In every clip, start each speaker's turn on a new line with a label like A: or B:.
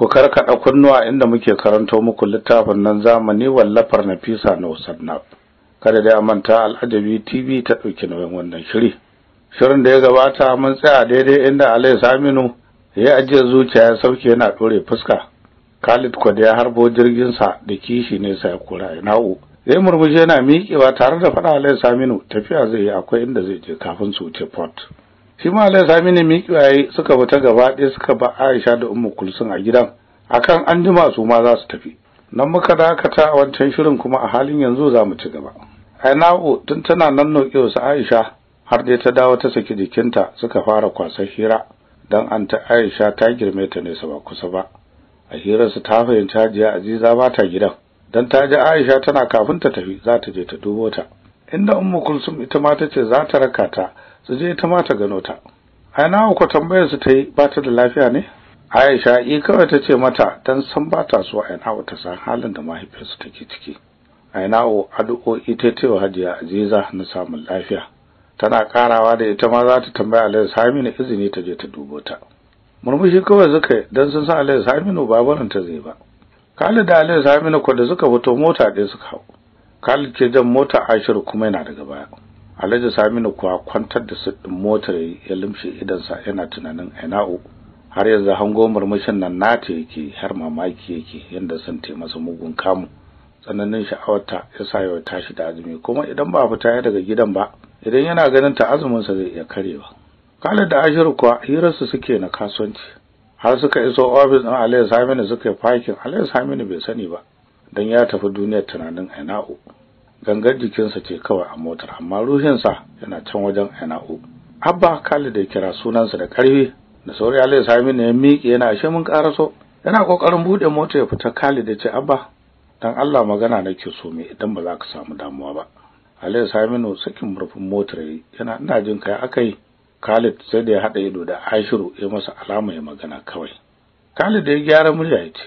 A: ku karkada kunnuwa inda muke karanto muku littafin nan zamani wallafar Nafisa Nausannab kada dai a manta Al'ajabi TV ta dauki nauyin wannan shiri shirin da ya gabata mun tsaya daidai inda Alai Saminu ya ajiye zuciya ya sauke yana ɗore fuska Khalid kwada ya harbo jirgin sa da kishi ne sai kura ina'u Sai murmushi yana miƙewa tare da faɗa Alai Saminu tafiya zai yi akwai inda zai je kafin su wuce port shi ma Alai Saminu miƙewa suka fita gaba ɗaya suka ba Aisha da Umma-Kulsun a gidan akan an jima su ma za su tafi nan muka dakata a wancan shirin kuma a halin yanzu za mu ci gaba aina'u tun tana nan noƙe wasu aisha har dai ta dawo ta saki jikinta suka fara kwasan hira don an ta aisha ta girme ta nesa ba kusa ba a hirarsu ta fahimci hajiya aziza ba ta gidan don ta ji aisha tana kafin ta tafi za ta je ta dubo ta inda ummu kulsum ita ma ta ce za ta raka ta su je ita ma ta gano ta na'u ko tambayar su ta yi ba ta da lafiya ne Aisha yi kawai ta ce mata dan san ba ta so a Ainawo ta san halin da mahaifiyarsa take ciki. Ainawo addu'o'i ta wa Hajiya Aziza na samun lafiya. Tana karawa da ita ma za ta tambaya Alayhi Saminu izini ta je ta dubo ta. Murmushi kawai suka dan sun san Alayhi Saminu babaran ta zai ba. Khalid da Alayhi Saminu ko da suka fito mota ɗaya suka hau. Khalid ke jan mota Ashiru kuma yana daga baya. Alhaji Saminu kuwa kwantar da su motar ya limshe idansa yana tunanin Ainawo. har yanzu hango murmushin nan nata yake har mamaki yake yanda son ta masa mugun kamu tsananin sha'awarta ya sa ya tashi da azumi kuma idan ba fita ya daga gidan ba idan yana ganin ta azumin sa zai iya karewa kala da ashiru kuwa hirarsu suke na kasuwanci har suka iso ofis din Alayyu Saminu suka yi fakin Alayyu Saminu bai sani ba dan ya tafi duniyar tunanin Aina'u gangar jikinsa ce kawai a motar amma ruhin sa yana can wajen Aina'u Abba Khalid ya kira sunansa da ƙarfi da sauri Ali Sami ne ya miƙe yana ashe mun ƙaraso, yana kokarin buɗe mota ya fita Khalid da ce abba dan Allah magana nake so me idan ba za ka samu damuwa ba Ali Saminu sakin murfin motar yana ina jin kai akai Khalid sai da ya haɗa ido da Ashiru ya masa alama ya magana kawai Khalid ya gyara murya ya ce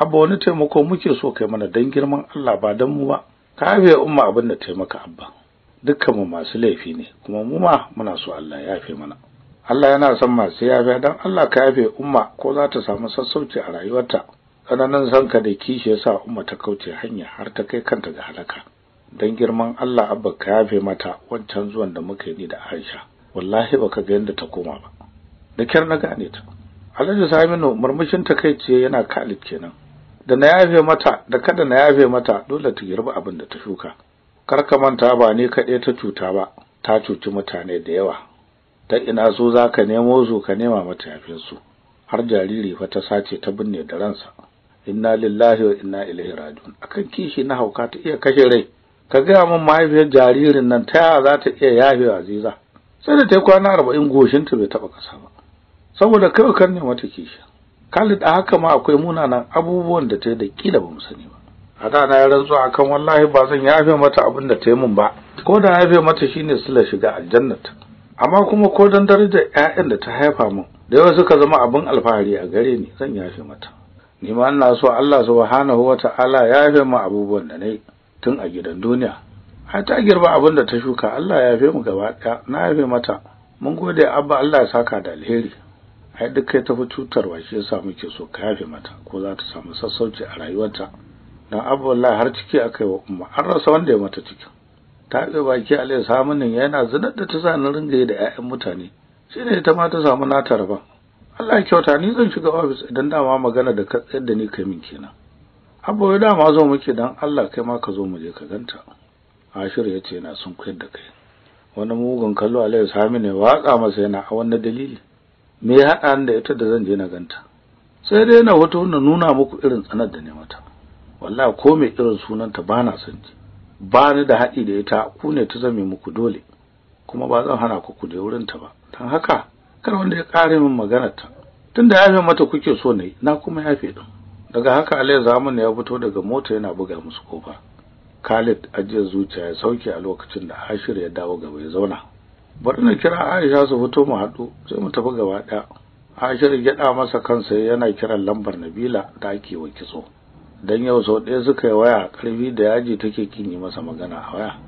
A: abba wani taimako muke so kai mana dan girman Allah ba dan mu ba ka biya umma abin da taimaka abba dukkanmu masu laifi ne kuma mu ma muna so Allah ya yafe mana Allah yana son masu yafiya don Allah ka yafe umma ko za ta samu sassauci a rayuwarta tsananin sanka da kishi ya sa umma ta kauce hanya har ta kai kanta ga halaka don girman Allah abba ka yafe mata wancan zuwan da muka yi ni da Aisha wallahi baka ga yadda ta koma ba da kyar na gane ta Alhaji Saminu murmushin ta kai ce yana Khalid kenan da na yafe mata da kada na yafe mata dole ta girba abin da ta shuka kar ka manta ba ne kaɗai ta cuta ba ta cuci mutane da yawa ta ina su za ka nemo su ka nema mata yafinsu har jariri fa ta sace ta binne da ransa inna lillahi wa inna ilaihi rajiun akan kishi na hauka ta iya kashe rai ka gaya min mahaifiyar jaririn nan ta yaya za ta iya yafe aziza sai da ta yi kwana arba'in ta bai taba kasa ba saboda kai kan ne mata kishi Khalid a haka ma akwai munanan abubuwan da ta yi da kila ba mu sani ba a da na ya rantsuwa akan wallahi ba zan yafe mata abin da ta yi mun ba ko da yafe mata shine sila shiga aljannata amma kuma ko don darajar 'ya'yan da ta haifa min da yawa suka zama abin alfahari a gare ni zan yafe mata ni ma ina so Allah subhanahu wata'ala ya yafe mu abubuwan da nayi tun a gidan duniya har ta girba abin da ta shuka Allah ya yafe mu gaba ɗaya na yafe mata mun gode abba Allah ya saka da alheri ai duk kai ta tafi cutarwa shi yasa muke so ka yafe mata ko za ta samu sassauci a rayuwarta dan abba wallahi har ciki akai wa umma an rasa wanda ya mata cikin Ta taɓe baki alayhi samunin yana zinar da ta sa na ringa yi da 'ya'yan mutane shi ne ta ma ta samu nata raba Allah ya kyauta ni zan shiga ofis idan dama magana da ka da ni kai min kenan abba dama zo muke dan Allah kai ma ka zo mu je ka ganta Ashir ya ce yana son koyar da kai wani mugun kallo Alayhi Sami ne watsa masa yana a wannan dalili me ya haɗa da ita da zan je na ganta sai dai na hoto na nuna muku irin tsanar da ne mata wallahi ko mai irin sunanta bana son ji ba ni da haɗi da ita ku ne ta zame muku dole kuma ba zan hana ku kuje wurinta ba don haka kar wanda ya ƙare min maganarta tunda yafe mata kuke so ne na kuma yafe din daga haka alai zamun ya fito daga mota yana buga musu kofa Khalid ajiyar zuciya ya sauke a lokacin da Ashir ya dawo gaba ya zauna bari na kira Aisha su fito mu haɗu sai mu tafi gaba ɗaya Ashir ya masa kansa yana kiran lambar Nabila da ake wa kitso don yau sau ɗaya suka yi waya ƙarfi da yaji take kin yi masa magana a waya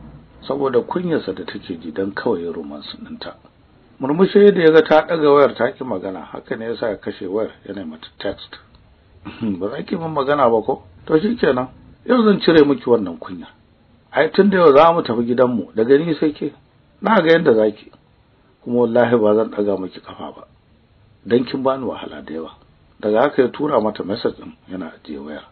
A: saboda kunyarsa da take ji don kawai su ninta. murmushi da ya ga ta ɗaga wayar ta ki magana haka ne yasa ya kashe wayar yana mata text ba za ki min magana ba ko to kenan? yau zan cire miki wannan kunya ai tun da yau za mu tafi gidanmu daga ni sai ke na ga yadda za ki kuma wallahi ba zan ɗaga miki kafa ba don kin bani wahala da yawa daga haka ya tura mata message ɗin yana ajiye wayar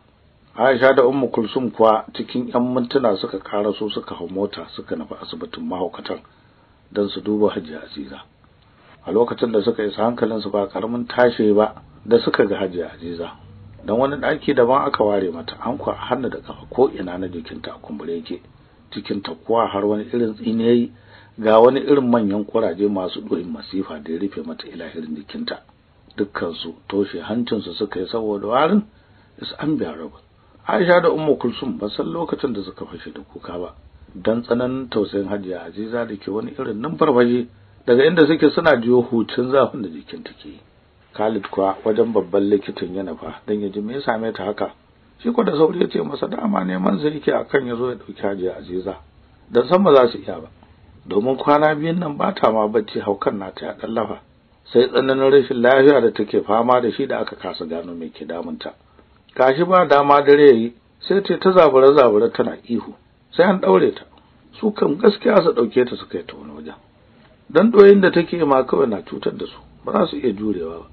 A: Aisha da Ummu Kulsum kuwa cikin 'yan mintuna suka karaso suka hau mota suka nufi asibitin mahaukatan don su duba Hajiya Aziza. A lokacin da suka isa hankalinsu ba karamin tashe ba da suka ga Hajiya Aziza. Dan wani ɗaki daban aka ware mata an kwa hannu da kafa ko ina na jikinta a kumbure yake. Cikin ta kuwa har wani irin tsiniyayi ga wani irin manyan kuraje masu ɗoyin masifa da ya rufe mata ilahirin jikinta. Dukkansu toshe hancinsu suka yi saboda warin is an biya rabin. Aisha da Ummu Kulsum ba san lokacin da suka fashe da kuka ba dan tsananin tausayin Hajiya Aziza da ke wani irin numfarfashi daga inda suke suna jiyo hucin zafin da jikin take Khalid kuwa wajen babban likitan yana fa dan ya ji me ya same ta haka shi ko da sauri ya ce masa dama neman sai yake akan ya zo ya dauki Hajiya Aziza dan san ba za su iya ba domin kwana biyun nan ba ta ma bacci haukan nata ya dallafa sai tsananin rashin lafiya da take fama da shi da aka kasa gano me ke damunta gashi ba dama dare yayi sai ta ta zabura zabura tana ihu sai an daure ta su kan gaskiya su dauke ta su kai ta wani wajen dan doyin da take ma kawai na cutar da su ba za su iya jurewa ba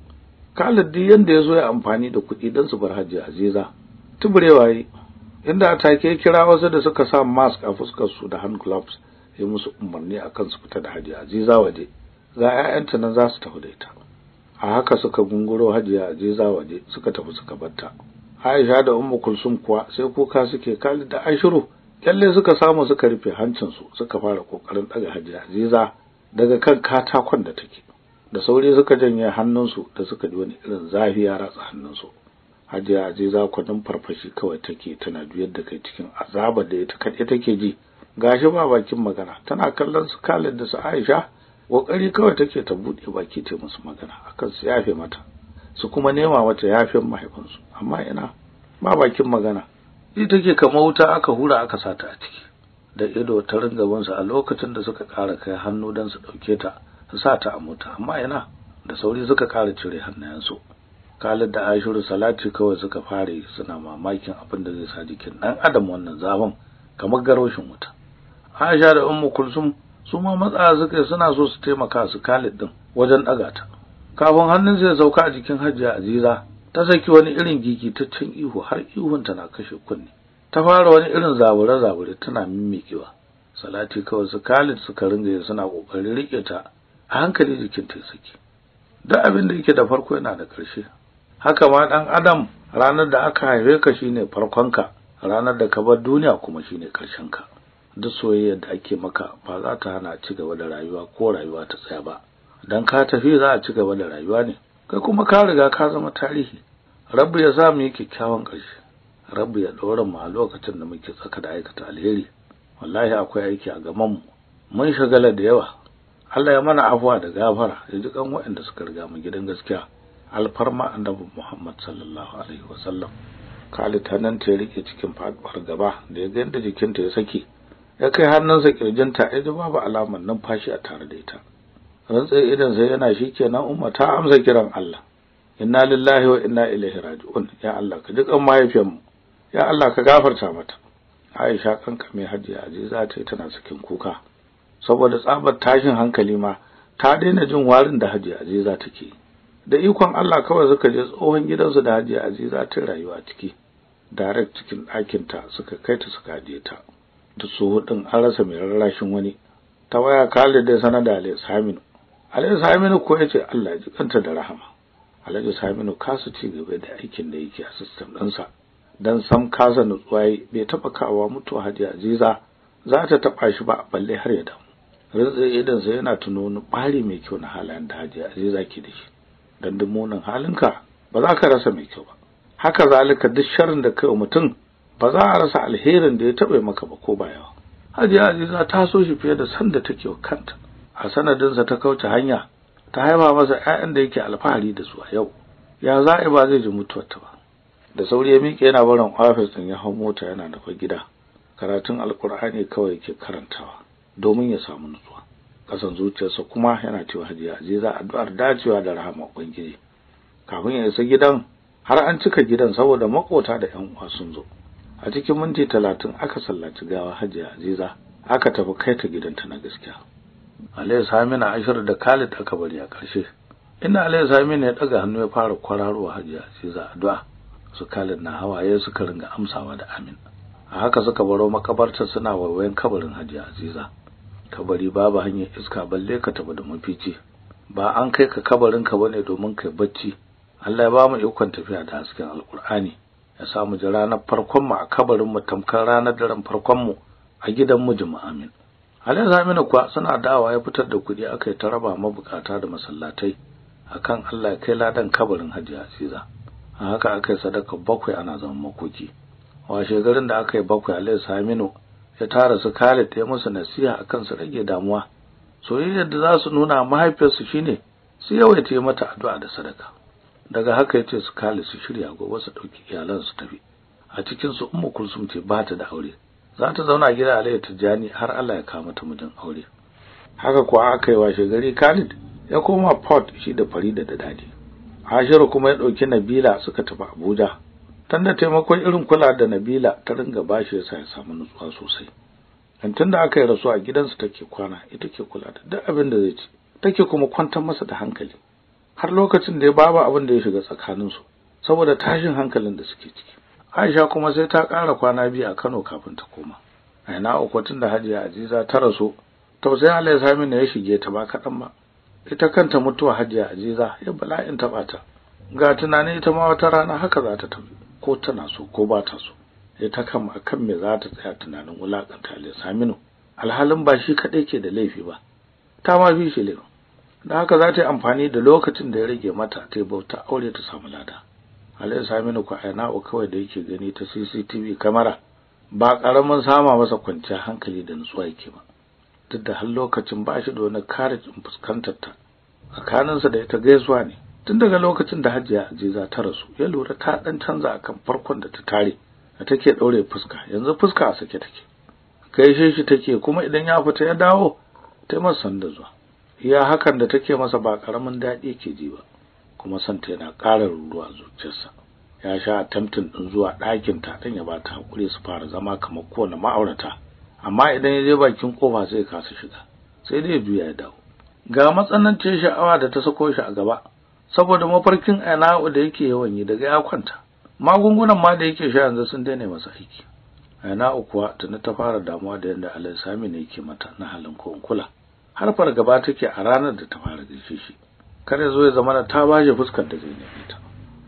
A: Khalid duk yanda ya ya amfani da kuɗi dan su bar Hajji Aziza tuburewa yi inda take kira wasu da suka sa mask a fuskar su da hand gloves ya musu umarni akan su fita da Hajji Aziza waje ga 'ya'yanta nan za su tafi da ita a haka suka gunguro Hajiya Aziza waje suka tafi suka batta Aisha da Ummu Kulsum kuwa sai kuka suke Khalid da Aishiru lalle suka samu suka rufe hancin su suka fara kokarin daga Hajiya Aziza daga kan katakon da take da sauri suka janye hannunsu da suka ji wani irin zafi ya ratsa hannunsu Hajiya Aziza kwadin farfashi kawai take tana juyar da kai cikin azaba da ita kaɗai take ji gashi ba bakin magana tana kallon su Khalid da su Aisha kokari kawai take ta bude baki ta musu magana akan su yafe mata su kuma nema wata yafin mahaifinsu amma ina ba bakin magana shi take kamar wuta aka hura aka sata a ciki da ido ta ringa binsa a lokacin da suka ƙara kai hannu don su ɗauke ta su sa ta a mota amma ina da sauri suka ƙara cire hannayensu Khalid da Ashiru Salati kawai suka fara suna mamakin abin da zai sa jikin ɗan adam wannan zafin kamar garoshin wuta Aisha da Ummu Kulsum su ma matsa suka suna so su taimaka su Khalid din wajen ɗaga ta kafin hannunsa zai sauka a jikin hajiya aziza ta saki wani irin gigitaccen ihu har ihunta na kashe kunne ta fara wani irin zabure-zabure tana mimmikewa salati kawai su Khalid suka ringa yin suna kokarin rike ta a hankali jikin ta saki duk abin da yake da farko yana da ƙarshe haka ma dan adam ranar da aka haife ka shine farkonka ranar da ka bar duniya kuma shine ƙarshenka duk soyayyar da ake maka ba za ta hana ci gaba da rayuwa ko rayuwa ta tsaya ba dan ka tafi za a ci gaba da rayuwa ne kai kuma ka riga ka zama tarihi rabbu ya sa mu yi kyakkyawan ƙarshe rabbu ya ɗora mu a lokacin da muke tsaka da aikata alheri wallahi akwai aiki a gaban mu mun shagala da yawa Allah ya mana afuwa da gafara ya ji kan waɗanda suka riga mu gidan gaskiya alfarma annabi Muhammad sallallahu alaihi wasallam Khalid nan ta rike cikin faduwar gaba da ya ga yadda jikinta ya sake ya kai hannunsa kirjinta ya ji babu alamar numfashi a tare da ita rantsar idan sai yana shi kenan umma ta amsa kiran Allah inna lillahi wa inna ilaihi raji'un ya Allah ka dukan mahaifiyarmu ya Allah ka gafarta mata Aisha kanka mai hajiya Aziza ta tana cikin kuka saboda tsabar tashin hankali ma ta daina jin warin da hajiya Aziza take da ikon Allah kawai suka je tsohon gidansu da hajiya Aziza ta rayuwa ciki direct cikin ɗakin ta suka kai ta suka je ta da su hudun an rasa mai rarrashin wani ta waya Khalid da sanar da Alhaji Saminu ko yace Allah ya ji kanta da rahama Alhaji Saminu kasa ci gaba da aikin da yake a system ɗinsa dan sam kasa nutsuwa bai taba kawa mutuwa Hajiya Aziza za ta taba shi ba balle har ya damu rantsa idan sai yana tuno ni bari mai kyau na halayen da Hajiya Aziza ke da shi dan dumunan halinka ba za ka rasa mai kyau ba haka zalika duk sharrin da kai mutum ba za a rasa alherin da ya taɓa maka ba ko ba yawa hajiya aziza ta so shi fiye da sanda take kanta a sanadinsa ta kauce hanya ta haifa masa ƴaƴan da yake alfahari da su a yau ya za'i ba zai ji mutuwarta ba da sauri ya miƙe yana barin ofis ɗin ya hau mota yana nufa gida karatun Alƙur'ani kawai yake karantawa domin ya samu nutsuwa kasan zuciyarsa kuma yana cewa hajiya je za addu'ar dacewa da rahama ubangiji kafin ya isa gidan har an cika gidan saboda makota da 'yan uwa sun zo a cikin minti talatin aka sallaci gawa hajiya aziza aka tafi kai ta gidanta na gaskiya Aliyu Samina Aishar da Khalid aka bari a ƙarshe. inda Aliyu Samina ya ɗaga hannu ya fara kwararowa Hajiya Aziza addu'a. Su Khalid na hawaye suka ringa amsawa da amin. A haka suka baro makabartar suna waiwayen kabarin Hajiya Aziza. Kabari babu hanyar iska balle ka tafi da mafici. Ba an kai ka kabarin ka bane domin kai bacci. Allah ya ba mu ikon tafiya da hasken Alƙur'ani. Ya sa mu ji ranar farkon mu a kabarin mu tamkar ranar daren farkon mu a gidan mu amin. halin zamina kuwa suna dawa ya fitar da kuɗi aka yi ta raba mabukata da masallatai akan Allah ya kai ladan kabarin Hajiya Aziza a haka aka yi sadaka bakwai ana zaman makoki washe garin da aka yi bakwai Alhaji Saminu ya tara su Khalid ya musu nasiha akan su rage damuwa soyayyar da za su nuna mahaifiyarsu shine su yawaita mata addu'a da sadaka daga haka ya ce su Khalid su shirya gobe su ɗauki iyalan su tafi a cikin su Ummu Kulsum ce ba ta da aure za ta zauna gida Aliyu Tijjani har Allah ya kama ta mijin aure haka kuwa aka yi washe gari Khalid ya koma Port shi da Farida da Dadi hashiru kuma ya ɗauki Nabila suka tafi Abuja tunda taimakon irin kula da Nabila ta ringa bashi yasa ya samu nutsuwa sosai dan tunda aka yi rasuwa a gidansu take kwana ita ke kula da duk abin da zai ci take kuma kwantar masa da hankali har lokacin da ya babu abin da ya shiga tsakaninsu saboda tashin hankalin da suke ciki Aisha kuma sai ta ƙara kwana biyu a Kano kafin ta koma. A ina uku tun da Hajiya Aziza ta rasu, tausayin Allah ya sami ya shige ta ba kaɗan ba. Ita kanta mutuwa Hajiya Aziza ya bala'in taɓa ta. Ga tunanin ita ma wata rana haka za ta tafi, ko tana so ko ba ta so. Ita kama kan me za ta tsaya tunanin wulaƙanta Ali Saminu. Alhalin ba shi kaɗai ke da laifi ba, ta ma fi shi Da haka za ta yi amfani da lokacin da ya rage mata ta yi bauta aure ta samu lada. alayi saminu ku o kawai da yake gani ta cctv kamara ba ƙaramin sama masa kwanciyar hankali da nutsuwa yake ba duk da har lokacin ba shi da wani kare fuskantar ta tsakaninsa da ita gaisuwa ne tun daga lokacin da hajiya ajiza ta rasu ya lura ta dan canza akan farkon da ta tare da take daure fuska yanzu fuska a sake take gaishe shi take kuma idan ya fita ya dawo ta masa sanda zuwa iya hakan da take masa ba karamin daɗi ke ji ba kuma santa yana ƙara ruruwa zuciyarsa ya sha attempting din zuwa ɗakin ta dan ya ba ta hakuri su fara zama kamar kowane ma'aurata amma idan ya je bakin kofa sai kasa shiga sai dai juya ya dawo ga matsanancin sha'awa da ta sako shi a gaba saboda mafarkin ana'u da yake yawan yi daga ya kwanta magungunan ma da yake sha yanzu sun daina masa aiki ana'u kuwa tuni ta fara damuwa da yadda Alhaji Sami ne yake mata na halin kunkula. har har fargaba take a ranar da ta fara gaishe shi kar ya zo ya zama ta baje fuskar da zai ta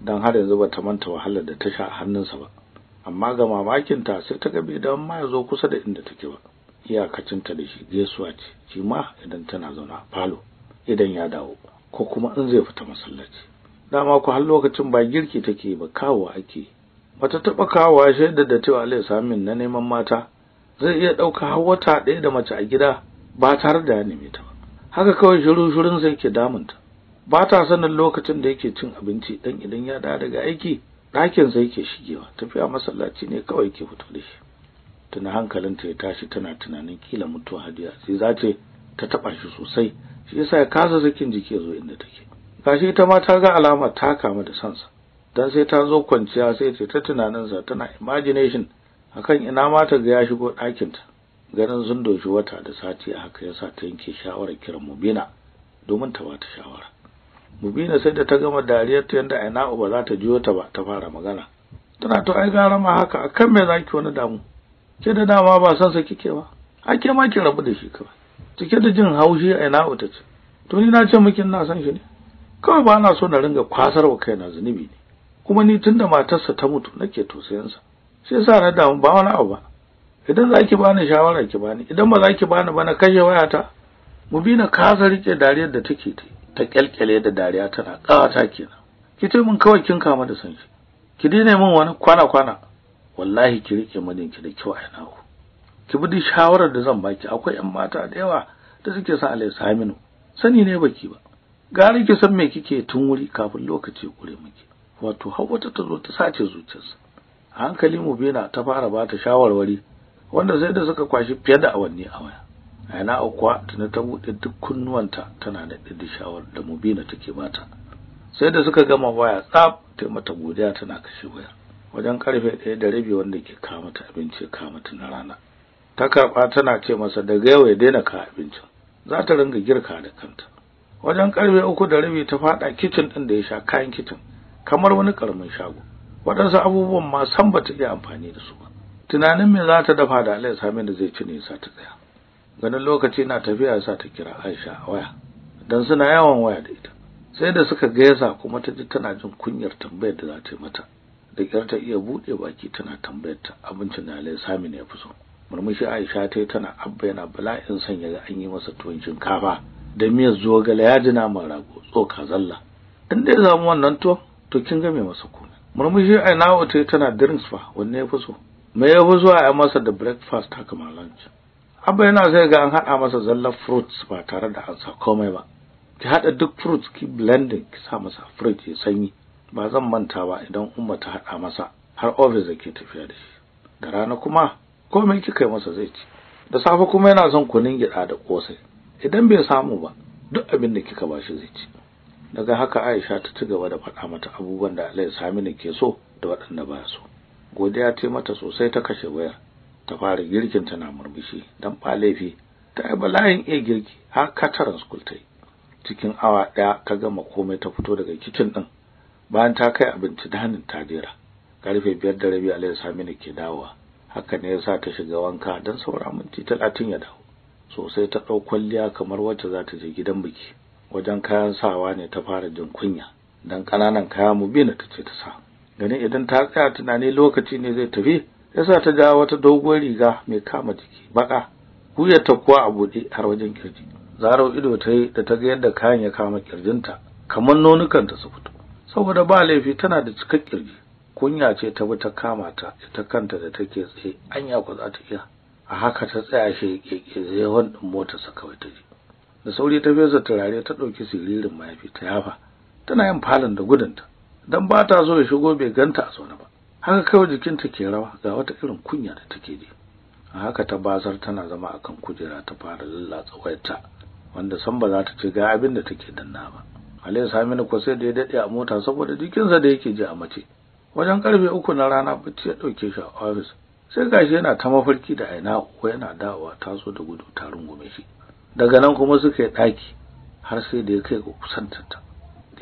A: dan har yanzu ba ta manta wahalar da ta sha a hannunsa ba amma ga mamakin ta sai ta ga bai dan ma ya zo kusa da inda take ba iyakacin ta da shi gaisuwa ce shi ma idan tana zauna falo idan ya dawo ko kuma in zai fita masallaci dama ku har lokacin ba girki take ba kawo ake bata taba kawo shaidar da cewa Allah samin na neman mata zai iya ɗauka har wata ɗaya da mace a gida ba tare da ya neme ta ba haka kawai shiru shirun sai ke damunta ba ta sanin lokacin da yake cin abinci dan idan ya dawo daga aiki ɗakin sai yake shigewa tafiya masallaci ne kawai ke fito da shi hankalin ta ya tashi tana tunanin kila mutuwa hadiya sai za ce ta taba shi sosai shi yasa ya kasa sakin jiki ya zo inda take gashi ta ma ta ga alama ta kamu da sansa dan sai ta zo kwanciya sai ta ta tunanin sa tana imagination akan ina ma ta ga ya shigo ɗakin ta ganin sun doshi wata da sati haka yasa ta yanke shawarar kiran Mubina domin ta bata shawara Mubina sai da ta gama dariyar ta yadda aina ba za ta juyo ta ba ta fara magana. Tana to ai gara ma haka akan me zaki wani damu? Ke da dama ba san sa kike ba. A ke ma ki rabu da shi kawai. Cike da jin haushi aina ta ce. To ni na ce miki ina san shi ne. Kawai ba na so na ringa kwasar wa kaina zunubi ne. Kuma ni tunda matarsa ta mutu nake sa. Sai sa na damu ba wani abu ba. Idan za ki bani shawara ki bani, idan ba za ki bani ba na kashe wayata. Mubina kasa rike dariyar da take ta yi. ta kyalkyale da dariya tana ƙawata kenan ki ce min kawai kin kama da son ki dine min wani kwana kwana wallahi ki rike maninki da kyau a ku ki bi shawarar da zan baki akwai yan mata da yawa da suke son Allah ya sani ne baki ba gari ki san me kike tun wuri kafin lokaci kure miki wato har wata ta zo ta sace zuciyarsa hankali mu bena ta fara ba ta shawarwari wanda sai da suka kwashi fiye da awanni a waya aina kuwa tana ta buɗe duk kunnuwanta tana da da shawar da mubina take bata sai da suka gama waya tsaf ta mata godiya tana kashe waya. wajen karfe ɗaya da rabi wanda ke kawo mata abinci kawo mata na rana ta karɓa tana ce masa daga yau ya daina kawo abincin za ta ringa girka da kanta wajen karfe uku da rabi ta faɗa kicin ɗin da ya sha kayan kicin kamar wani karamin shago waɗansu abubuwan ma san ba ta iya amfani da su ba tunanin me za ta dafa da alayhi min da zai ci ne sa ta tsaya ganin lokaci na tafiya sa ta kira Aisha a waya dan suna yawan waya da ita sai da suka gaisa kuma ta ji tana jin kunyar tambayar da za ta yi mata da kyar ta iya buɗe baki tana tambayar ta abincin da Alai Sami ne ya fi so murmushi Aisha ta yi tana abba yana bala'in san ya ga an yi masa tuwon shinkafa da miyar zogale ya ji naman rago tsoka zalla in dai zamu wannan to to kin ga me masa kuma murmushi Aina ta tana drinks fa wanne ya fi so me ya fi so a masa da breakfast haka ma lunch abba yana zai ga an haɗa masa zallar fruits ba tare da an sa komai ba ki haɗa duk fruits ki blending ki sa masa fruit ya sanyi ba zan manta ba idan umma ta haɗa masa har office da ke tafiya da shi da rana kuma komai kika yi masa zai ci da safe kuma yana son kunin gyaɗa da ƙosai idan bai samu ba duk abin da kika bashi zai ci daga haka Aisha ta ci gaba da faɗa mata abubuwan da Alhaji Saminu ke so da waɗanda ba so godiya ta mata sosai ta kashe wayar ta fara girkin tana murmushi dan ba laifi ta yi bala'in iya girki har kataran school cikin awa ɗaya ta gama komai ta fito daga kicin ɗin bayan ta kai abinci danin ta jera karfe biyar da rabi alayhi saminu ke dawowa haka ne yasa ta shiga wanka don saura minti talatin ya dawo sosai ta ɗau kwalliya kamar wacce za ta je gidan biki wajen kayan sawa ne ta fara jin kunya dan ƙananan kaya mu bina ta ce ta sa ganin idan ta tsaya tunani lokaci ne zai tafi yasa ta ga wata doguwar riga mai kama jiki baka ta kuwa a buɗe har wajen kirji zaro ido ta yi da ta ga yadda kayan ya kama kirjinta kamar nonukanta su fito saboda ba laifi tana da cikar kirji kunya ce ta bi ta kama ta ita kanta da take tsaye anya ku za ta iya a haka ta tsaya shi keke zai hon din motarsa kawai ta ji da sauri ta fesa turare ta ɗauki siririn mayafi ta yafa tana yin falon da gudunta don ba ta so ya shigo bai ganta a zaune ba haka kawai jikinta ke rawa ga wata irin kunya da take ji a haka ta bazar tana zama akan kujera ta fara lallatsa wayarta wanda san ba za ta ce ga abin da take danna ba Ali Saminu ko sai da ya dade a mota saboda jikinsa da yake ji a mace wajen karfe uku na rana bacci ya dauke shi a office sai gashi yana ta mafarki da aina ko yana dawowa ta zo da gudu ta rungume shi daga nan kuma suka yi ɗaki, har sai da ya kai ga kusantar ta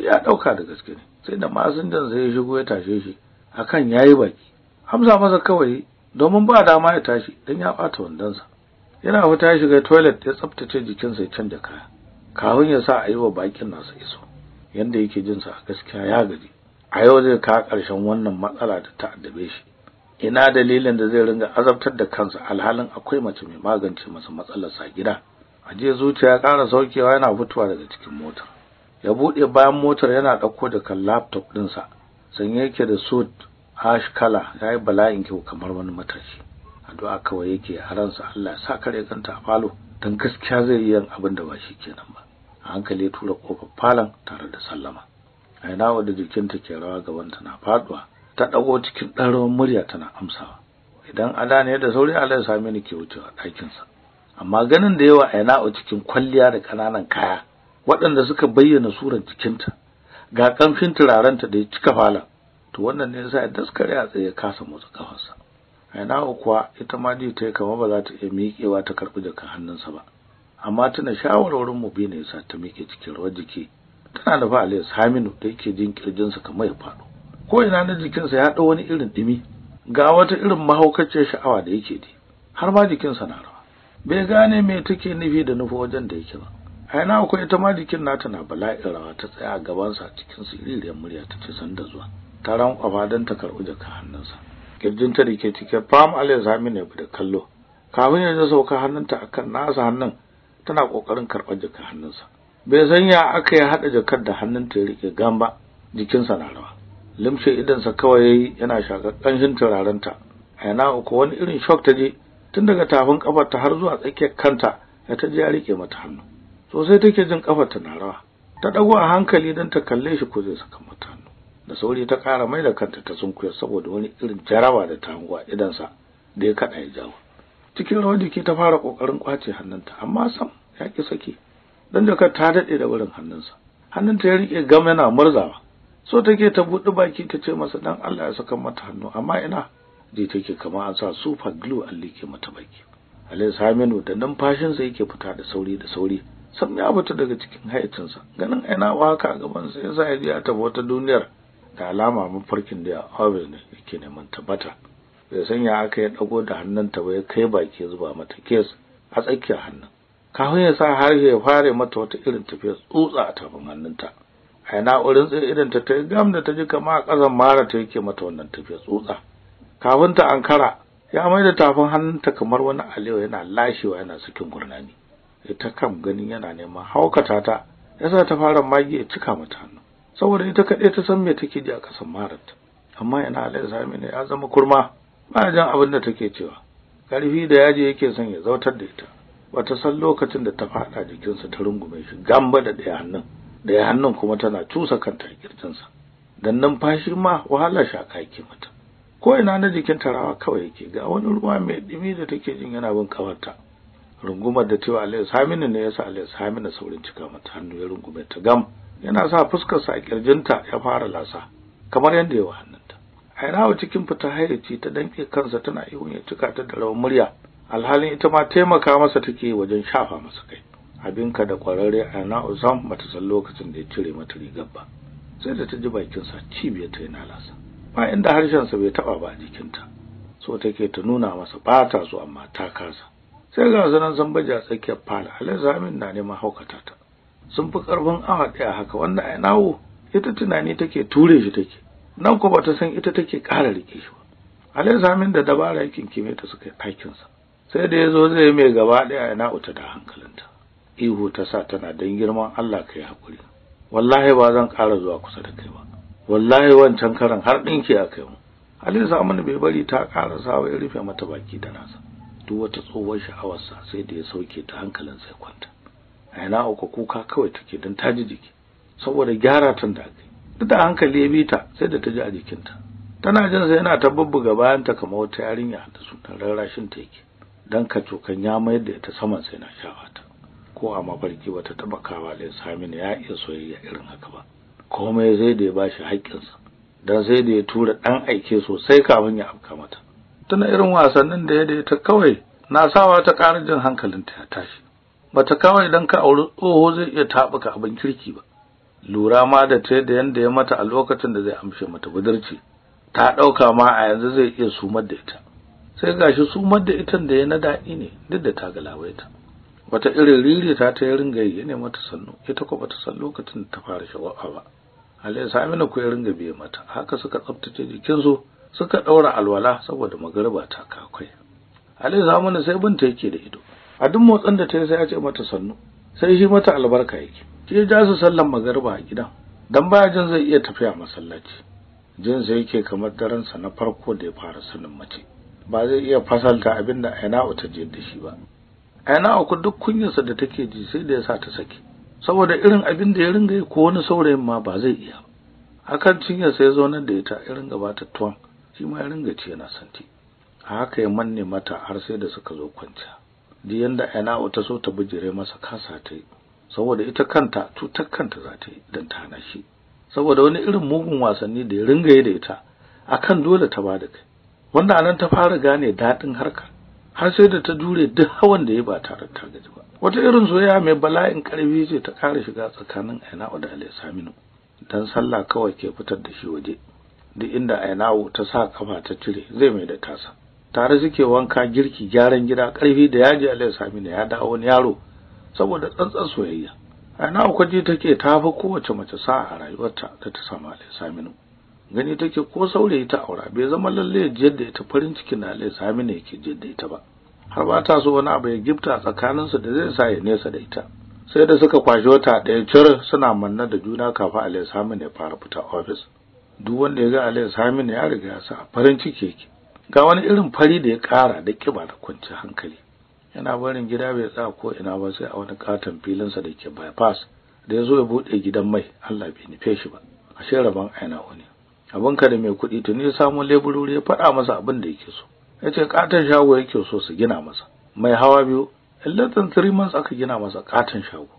A: ya dauka da gaske ne sai da masinjan zai ya shigo ya tashe shi akan yayi baki Hamza maza kawai domin ba dama ya tashi dan ya bata sa yana fita ya shiga toilet ya tsaftace jikinsa ya canja kaya kawun ya sa a wa bakin nasa iso yanda yake jin sa gaskiya ya gaji a yau zai ka ƙarshen wannan matsala da ta addabe shi ina dalilin da zai ringa azabtar da kansa alhalin akwai mace mai magance masa matsalar sa gida aje zuciya kara saukewa yana fitowa daga cikin motar ya buɗe bayan motar yana ɗauko da kan laptop ɗinsa sanye yake da suit hash kala ya yi bala'in kyau kamar wani matashi addu'a kawai yake a Allah ya sa kare kanta a falo don gaskiya zai yi abin da ba shi kenan ba a hankali ya tura kofar falon tare da sallama A ina wadda jikinta ke rawa gabanta na faduwa ta dago cikin dan rawan murya tana amsawa idan ada ne da sauri Allah ya same ni ke wucewa ɗakinsa sa amma ganin da yawa a cikin kwalliya da ƙananan kaya waɗanda suka bayyana surar jikinta ga kamshin turarenta da ya cika falon to wannan ne sai daskare a tsaye kasa motsa kafarsa ainawa kuwa ita ma ji ta kama ba za ta iya miƙewa ta karɓi daga hannunsa ba amma tana shawarwarin mu ne yasa ta miƙe cikin ruwan jiki tana da ba Aliyas Haminu da yake jin ƙirjinsa kamar ya faɗo ko ina na jikinsa ya ɗau wani irin ɗimi ga wata irin mahaukaciyar sha'awa da yake di, har ma jikinsa na rawa bai gane me take nufi da nufi wajen da yake ba ina akwai ita ma jikin nata na bala'in rawa ta tsaya a gabansa cikin siririyar murya ta ce da zuwa ta rankwafa don ta karɓi jakar hannunsa ƙirjinta da ke cike fam alayhi ya ne da kallo kafin ya sauka hannunta a kan nasa hannun tana ƙoƙarin karɓar jaka hannunsa bai san ya aka yi haɗa jakar da hannunta ya riƙe gamba jikinsa na rawa limshe idansa kawai yayi yana shakar ƙanshin turarenta yana uku wani irin shock ta je tun daga tafin ta har zuwa tsakiyar kanta ya ta je ya rike mata hannu sosai take jin ta na rawa ta dago a hankali don ta kalle shi ko zai saka mata da sauri ta kara mai da kanta ta sunkuya saboda wani irin jarawa da ta hango a idansa da ya kaɗa ya jawo cikin rawar jiki ta fara ƙoƙarin ƙwace hannunta amma sam ya ƙi sake dan jakar ta daɗe da wurin hannunsa hannunta ya rike gama yana murzawa so take ta buɗe baki ta ce masa dan Allah ya saka mata hannu amma ina ji take kamar an sa super glue an like mata baki Alai Saminu da numfashinsa yake fita da sauri da sauri sam ya fita daga cikin haicinsa. ganin aina waka gaban sa ya sa ya ji ta wata duniyar da alama mafarkin da Abel ne yake neman tabbata bai sanya aka ya dago da hannunta ba ya kai baki zuba mata kes a tsakiyar hannun kafin ya sa har ya fare mata wata irin tafiya tsutsa a tafin hannunta a ina urin tsaye irin ta yi, gam da ta ji kama a ƙasan mara ta yake mata wannan tafiya tsutsa kafin ta ankara ya mai da tafin hannunta kamar wani alewa yana lashewa yana sakin gurnani ita kam ganin yana neman haukata ta yasa ta fara magi ya cika mata hannu saboda ita kaɗai ta san me take ji a ƙasan marat amma yana alai sami ya zama kurma ba jan abin da take cewa ƙarfi da yaji yake son ya zautar da ita ba ta san lokacin da ta faɗa jikinsa ta rungume shi gamba da ɗaya hannun ɗaya hannun kuma tana cusa kanta a kirjinsa dan numfashi ma wahala shaka yake mata ko ina na jikin tarawa kawai yake ga wani ruwa mai ɗumi da take jin yana bin kawarta rungumar da cewa alai sami ne ya sa alai saurin cika mata hannu ya rungume ta gam yana sa fuskarsa a kirjinta ya fara lasa kamar yadda ya hannunta wa cikin fita hayyaci ta danke kansa tana ihun ya cika ta da rawar murya alhalin ita ma taimaka masa take wajen shafa masa kai abinka da kwararre ainawa sam bata san lokacin da ya cire mata rigar ba sai da ta ji bakinsa cibiyar ta yana lasa ba inda harshensa bai taba ba a jikinta so take ta nuna masa ba ta so amma ta kasa sai ga zanen zambaja tsakiyar fala alhazamin na neman haukata ta sun fi karfin awa ɗaya haka wannan ina nawo ita tunani take ture shi take nan ko ta san ita take ƙara rike shi ba alai samin da dabara yakin kime ta suka ɗakin sa sai da yazo zai yi mai gaba ɗaya ina uta da hankalinta ihu ta sa tana dan girman Allah kai hakuri wallahi ba zan ƙara zuwa kusa da kai ba wallahi wancan karan har ɗinki a kai mu alai samin bai bari ta ƙara sawa ya rufe mata baki da nasa duk wata tsohuwar sha'awarsa sai da ya sauke ta hankalin sai kwanta A ina uku kuka kawai take don ta ji jiki saboda gyara tun da aka duk da hankali ya bi ta sai da ta ji a jikinta tana jin sai yana ta bubbuga bayan ta kamar wata yarinya da sunan rarrashin ta yake dan ka cokan ya mayar da ta saman sai na shafa ta ko a mafarki bata taba kawa da Samin ya iya soyayya irin haka ba komai zai da ya bashi haƙƙinsa dan sai da ya tura dan aike sosai kafin ya afka mata tana irin wasannin da ya da ta kawai na sawa ta ƙarin jin hankalinta ya tashi bata kama idan ka auri tsoho zai iya taɓaka abin kirki ba lura ma da ta da yanda ya mata a lokacin da zai amshe mata budurci ta ɗauka ma a yanzu zai iya sumar da ita sai gashi sumar da itan da ya na daɗi ne duk da ta ta. wata irin riri ta ta ringa yi ne mata sannu ita ko bata san lokacin da ta fara shawara ba Alayhi Saminu ko ya ringa biye mata haka suka tsaftace jikinsu suka ɗaura alwala saboda magariba ta kakwai Alayhi Saminu sai binta yake da ido a duk motsin da ta yi sai ya ce mata sannu sai shi mata albarka yake shi ja su sallan magariba a gidan dan baya jin zai iya tafiya masallaci jin zai yake kamar daren sa na farko da ya fara sanin mace ba zai iya fasalta abin da Aina'u ta je da shi ba Aina'u ku duk kunyarsa da take ji sai da ya sa ta saki saboda irin abin da ya ringa yi ko wani saurayin ma ba zai iya hakan cinya sai zo nan da ita ya ringa ba ta tuwon shi ma ya ringa ce yana santi haka ya manne mata har sai da suka zo kwanciya duk yanda ana'u ta so ta bijire masa kasa ta yi saboda ita kanta cutar kanta za ta yi don ta hana shi saboda wani irin mugun wasanni da ya ringa yi da ita akan dole ta bada kai wanda anan ta fara gane daɗin harka har sai da ta jure duk hawan da ya ba tare ta gaji ba wata irin soyayya mai bala'in karfi zai ta ƙara shiga tsakanin Aina'u da Ali Saminu dan sallah kawai ke fitar da shi waje duk inda Aina'u ta sa kafa ta cire zai mai da tasa tare suke wanka girki gyaran gida ƙarfi da yaji Allah ya sami ya dawo wani yaro saboda tsantsan soyayya ana kwaji take ta fi kowace mace sa a rayuwarta da ta samu Allah ya sami gani take ko saurayi ta aura bai zama lalle ya yadda da ita farin cikin da Allah ya sami ne yake jiyar da ita ba har ba ta so wani abu ya gifta tsakaninsu da zai sa ya nesa da ita sai da suka kwashi wata ɗaya cir suna manna da juna kafin ya sami ya fara fita ofis duk wanda ya ga sami ne ya riga ya sa farin ciki yake ga wani irin fari da ya ƙara da ƙiba da kwanci hankali yana barin gida bai tsaya ko ina ba sai a wani katon filinsa da ke bypass da ya zo ya buɗe gidan mai Allah bai nufe shi ba ashe rabon aina wani Abun ka da mai kuɗi tuni ya samu leburori ya faɗa masa abin da yake so yace ce katon shago yake so su gina masa mai hawa biyu illatan three months aka gina masa katon shago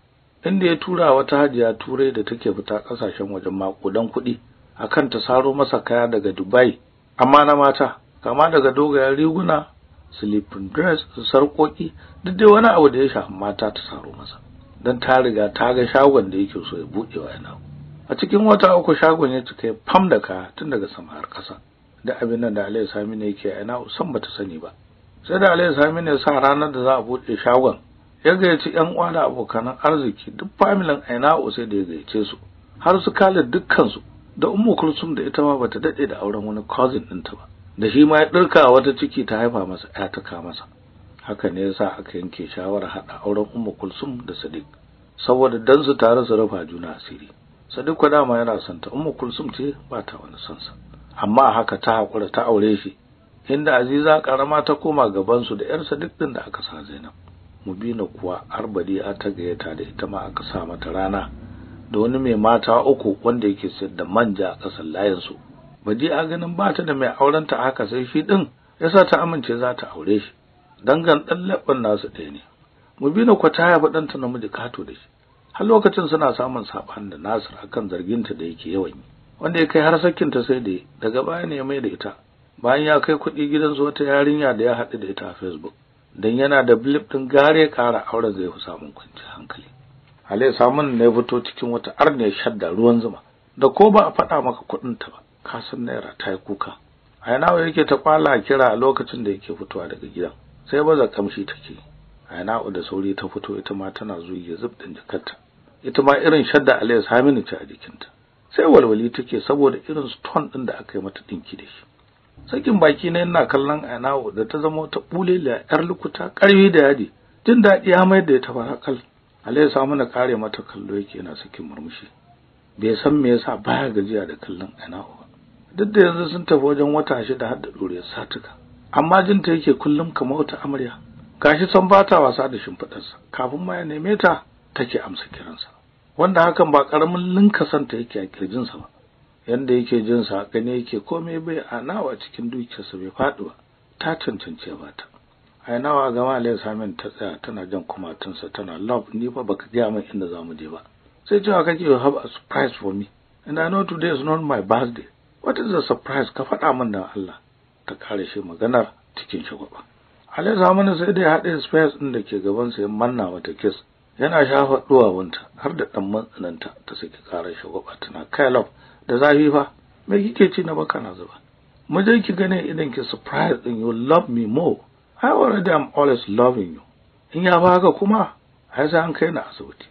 A: inda ya tura wata hajiya turai da take fita ƙasashen wajen makudan kuɗi akan ta saro masa kaya daga dubai amma na mata kama daga dogayen riguna sleeping dress sarƙoƙi duk dai wani abu da ya shafi mata ta saro masa don ta riga ta ga shagon da yake so ya buɗe wa yana a cikin wata uku shagon ya cika fam da kaya tun daga sama har ƙasa da abin nan da Alayhi Sami ne yake yana ba bata sani ba sai da Alayhi Sami ne sa ranar da za a buɗe shagon ya gayyaci yan uwa da abokanan arziki duk familin Aina'u sai da ya gayyace su har su kalin dukkansu, da Ummu Kulsum da ita ma bata daɗe da auren wani cousin ɗinta ba da shi ma ya ɗirka wata ciki ta haifa masa ya taka masa haka ne yasa aka yanke shawarar haɗa auren umma kulsum da sadiq saboda dan su tare su rufa juna asiri sadiq ko dama yana son ta umma kulsum ce ba ta wani son sa amma haka ta hakura ta aure shi inda aziza karama ta koma gaban su da yar sadiq din da aka sa zainab mubina kuwa arbadi a ta gayyata da ita ma aka sa mata rana da wani mai mata uku wanda yake sayar da manja a ƙasar layinsu. su Ba a ganin ba ta da mai aurenta haka sai shi din yasa ta amince za ta aure shi dangan dan labban nasu ɗaya ne mubina kwata ya faɗanta namiji kato da shi har lokacin suna samun saɓan da Nasir akan zarginta da yake yawan yi wanda ya kai har sakin ta sai da daga baya ne ya mai da ita bayan ya kai kuɗi gidansu wata yarinya da ya haɗu da ita a Facebook dan yana da blip din gare ƙara auren zai fi samun kwanci hankali Hale samun ne fito cikin wata arne shadda ruwan zuma da ko ba a faɗa maka kuɗin ta ba kasan naira ta yi kuka ainawa yake ta kwala kira a lokacin da yake fitowa daga gidan sai baza kamshi take ainawa da sauri ta fito ita ma tana zuwa zub din jakarta ita ma irin shadda Aliya Saminu ce a jikinta sai walwali take saboda irin stone din da aka yi mata dinki da shi sakin baki na ina kallon ainawa da ta zama ta bulele yar lukuta karfi da yadi jin daɗi ya mayar da ya tafi kal Aliya Saminu kare mata kallo yake yana sakin murmushi bai san me yasa baya gajiya da kallon ainawa duk da yanzu sun tafi wajen wata shida har da ɗore satuka amma jinta yake kullum kamar wata amarya gashi san ba ta wasa da shimfiɗarsa kafin ma ya neme ta take amsa kiransa wanda hakan ba ƙaramin linka santa yake a kirjinsa ba yadda yake jin sa haka yake komai bai a nawa cikin dukiyarsa bai faɗi ba ta cancance ba ta A nawa ga malai samin ta tsaya tana jan kumatunsa tana love ni fa baka gaya min inda zamu je ba sai cewa kake have a surprise for me and i know today is not my birthday what is the surprise ka faɗa min dan Allah ta kare shi maganar cikin shagwaba Ali zamanin sai dai haɗe space ɗin da ke gaban sa ya manna wata kiss yana shafa duwawunta har da ɗan matsananta ta saki karar shagwaba tana kai love da zafi fa me kike ci na baka na zuba mu je ki gane idan ki surprise ɗin you love me more I already am always loving you in ya fa haka kuma ai sai an kai na asibiti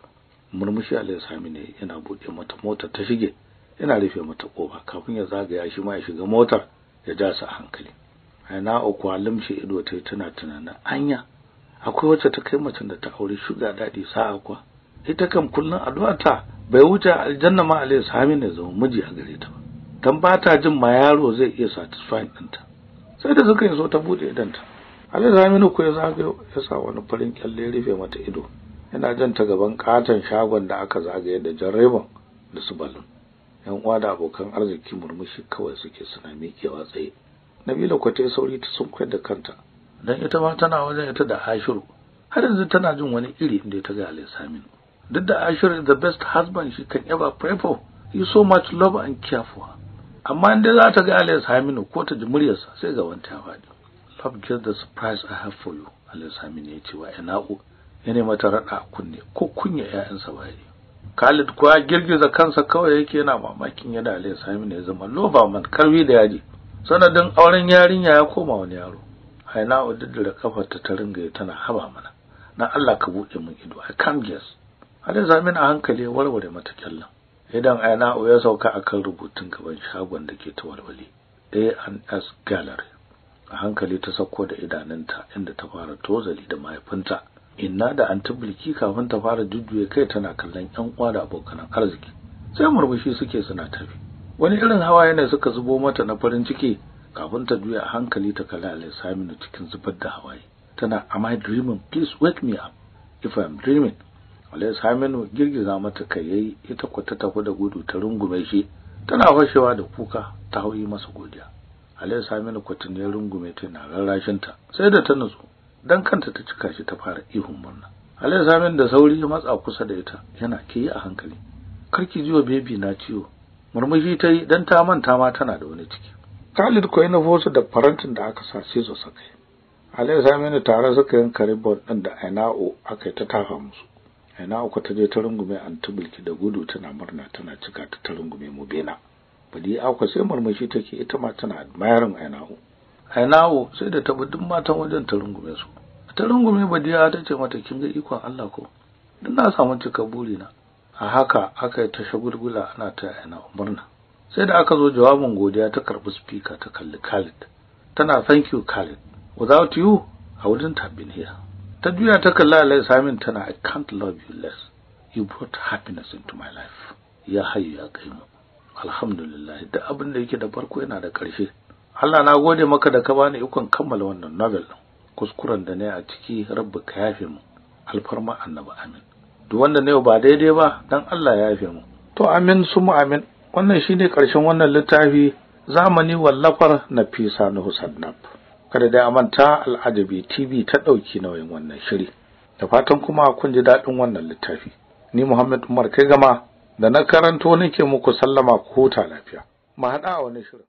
A: murmushi Ali Sami ne yana buɗe mata mota ta shige yana rufe mata kofa kafin ya zagaya shi ma ya shiga motar ya ja su a hankali na a lumshe ido ta tana tunanin anya akwai wacce ta kai macen da ta aure shuga daɗi sa'a kuwa ita kam kullum addu'a ta bai wuce aljanna ma alayhi sami ya zama miji a gare ta dan ba ta jin ma yaro zai iya satisfy ɗinta sai da suka yi so ta bude idanta alayhi sami ko ya zagayo ya sa wani farin kyalle ya rufe mata ido yana jan ta gaban katon shagon da aka zagaye da jan da su balon yan uwa da abokan arziki murmushi kawai suke suna miƙewa tsaye nabila ko ta sauri ta sunkuyar da kanta dan ita ma tana wajen ita da ashiru har yanzu tana jin wani iri inda ta ga Samin duk da ashiru the best husband she can ever pray for he so much love and care for her amma inda za ta ga Alias Samin ko ta ji muryarsa sai ga wanta faɗi love just the surprise I have for you Alias Samin ya ce wa Ina'u ya nema ta raɗa kunne ko kunya 'ya'yansa ba Khalid kuwa girgiza kansa kawai yake yana mamakin yadda Ali Sami ya zama man karfi da yaji sanadin auren yarinya ya koma wani yaro Haina da kafar ta ringa tana haba mana na Allah ka buɗe min ido I can't guess Ali Saminu a hankali ya warware mata kyallan idan aina ya sauka akan rubutun gaban shagon da ke ta and S Gallery a hankali ta sako da idanunta inda ta fara tozali da mahaifinta inna da an kafin ta fara jujjuye kai tana kallon yan uwa da abokan arziki sai murmushi suke suna tafi wani irin hawaye ne suka zubo mata na farin ciki kafin ta juya hankali ta kalla Alai Saminu cikin zubar da hawaye tana am I dreaming please wake me up if I am dreaming girgiza mata kai yayi ita kwata ta da gudu ta rungume shi tana fashewa da kuka ta hauyi masa godiya Alai Saminu kwatin ya rungume ta na rarrashin ta sai da ta nutsu dan kanta ta cika shi ta fara ihun murna Halil Samin da sauri ya matsa kusa da ita yana ke a hankali karki jiwa baby na ciwo murmushi ta yi dan ta manta ma tana da wani ciki Khalid ko yana fosu da farantin da aka sa sai su saka Halil Samin tare suka yanka ribon din da Aina'u aka ta tafa musu Aina'u ko ta je ta rungume Antubulki da gudu tana murna tana cika ta ta rungume Mubena Bali akwai sai murmushi take ita ma tana admiring Aina'u ai nawo sai da taɓa duk matan wajen ta rungume su ta rungume badiya ta ce mata kin ga ikon Allah ko dan na samu cika burina a haka aka yi ta shagulgula ana ta yana murna sai da aka zo jawabin godiya ta karɓi speaker ta kalli Khalid tana thank you Khalid without you I wouldn't have been here ta juya ta kalli Alai Samin tana I can't love you less you brought happiness into my life ya hayya ya kaimu alhamdulillah duk abin da yake da farko yana da karshe Allah na gode maka da ka bani ikon kammala wannan novel kuskuren da ne a ciki rabbi ka yafe mu alfarma annabi amin duk wanda ne ba daidai ba dan Allah ya yafe mu to amin mu amin wannan shine karshen wannan littafi zamani wallafar Nafisa na Sannab kada dai amanta al'ajabi TV ta dauki nauyin wannan shiri da fatan kuma kun ji dadin wannan littafi ni Muhammad Umar kai gama da na karanto nake muku sallama ku huta lafiya mu hada a wani shirin